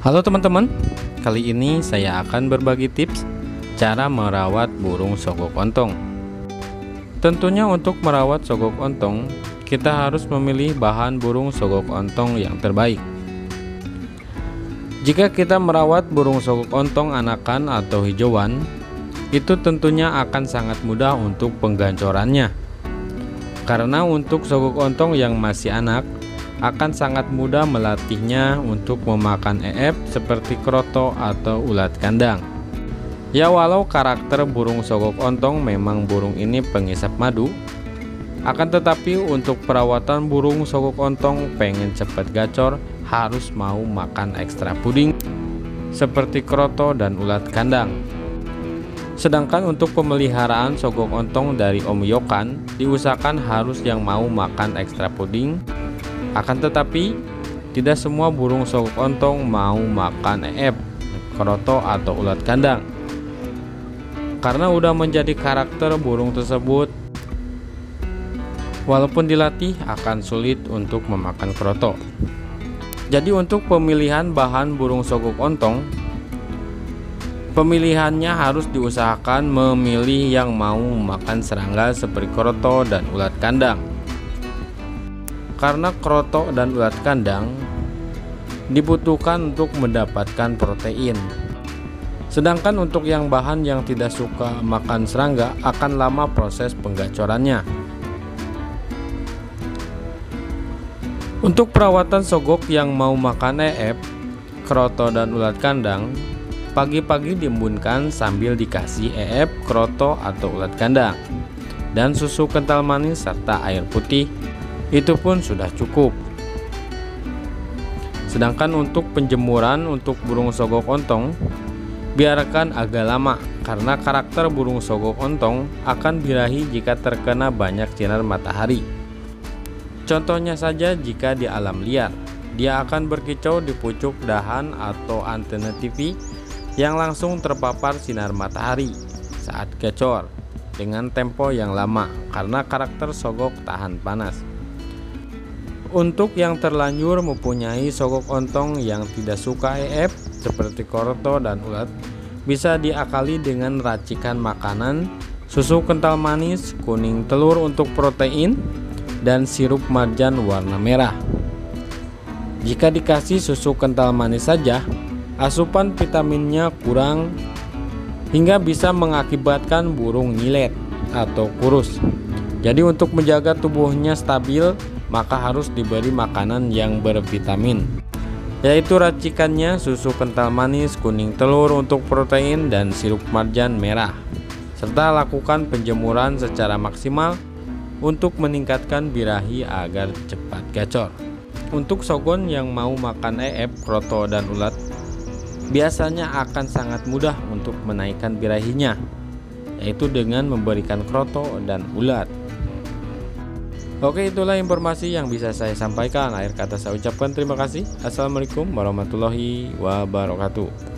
Halo teman-teman, kali ini saya akan berbagi tips cara merawat burung sogok ontong. Tentunya untuk merawat sogok ontong, kita harus memilih bahan burung sogok ontong yang terbaik. Jika kita merawat burung sogok ontong anakan atau hijauan, itu tentunya akan sangat mudah untuk penggancorannya. Karena untuk sogok ontong yang masih anak, akan sangat mudah melatihnya untuk memakan EF seperti kroto atau ulat kandang. Ya walau karakter burung sogok ontong memang burung ini pengisap madu, akan tetapi untuk perawatan burung sogok ontong pengen cepat gacor harus mau makan ekstra puding seperti kroto dan ulat kandang. Sedangkan untuk pemeliharaan sogok ontong dari Om Yokan diusahakan harus yang mau makan ekstra puding akan tetapi, tidak semua burung sogok ontong mau makan eep, kroto atau ulat kandang. Karena udah menjadi karakter burung tersebut, walaupun dilatih akan sulit untuk memakan kroto. Jadi untuk pemilihan bahan burung sogok ontong, pemilihannya harus diusahakan memilih yang mau makan serangga seperti kroto dan ulat kandang. Karena krotok dan ulat kandang dibutuhkan untuk mendapatkan protein. Sedangkan untuk yang bahan yang tidak suka makan serangga akan lama proses penggacorannya. Untuk perawatan sogok yang mau makan EF, kroto dan ulat kandang, pagi-pagi diembunkan sambil dikasih EF, kroto atau ulat kandang, dan susu kental manis serta air putih itu pun sudah cukup. Sedangkan untuk penjemuran untuk burung sogok ontong, biarkan agak lama karena karakter burung sogok ontong akan birahi jika terkena banyak sinar matahari. Contohnya saja jika di alam liar, dia akan berkicau di pucuk dahan atau antena TV yang langsung terpapar sinar matahari saat kecor dengan tempo yang lama karena karakter sogok tahan panas. Untuk yang terlanjur mempunyai sokok ontong yang tidak suka EF seperti korto dan ulat, bisa diakali dengan racikan makanan, susu kental manis, kuning telur untuk protein, dan sirup marjan warna merah. Jika dikasih susu kental manis saja, asupan vitaminnya kurang hingga bisa mengakibatkan burung nyilet atau kurus. Jadi untuk menjaga tubuhnya stabil, maka harus diberi makanan yang bervitamin yaitu racikannya susu kental manis, kuning telur untuk protein dan sirup marjan merah serta lakukan penjemuran secara maksimal untuk meningkatkan birahi agar cepat gacor. Untuk sogon yang mau makan eep, kroto, dan ulat, biasanya akan sangat mudah untuk menaikkan birahinya, yaitu dengan memberikan kroto dan ulat. Oke itulah informasi yang bisa saya sampaikan. Akhir kata saya ucapkan terima kasih. Assalamualaikum warahmatullahi wabarakatuh.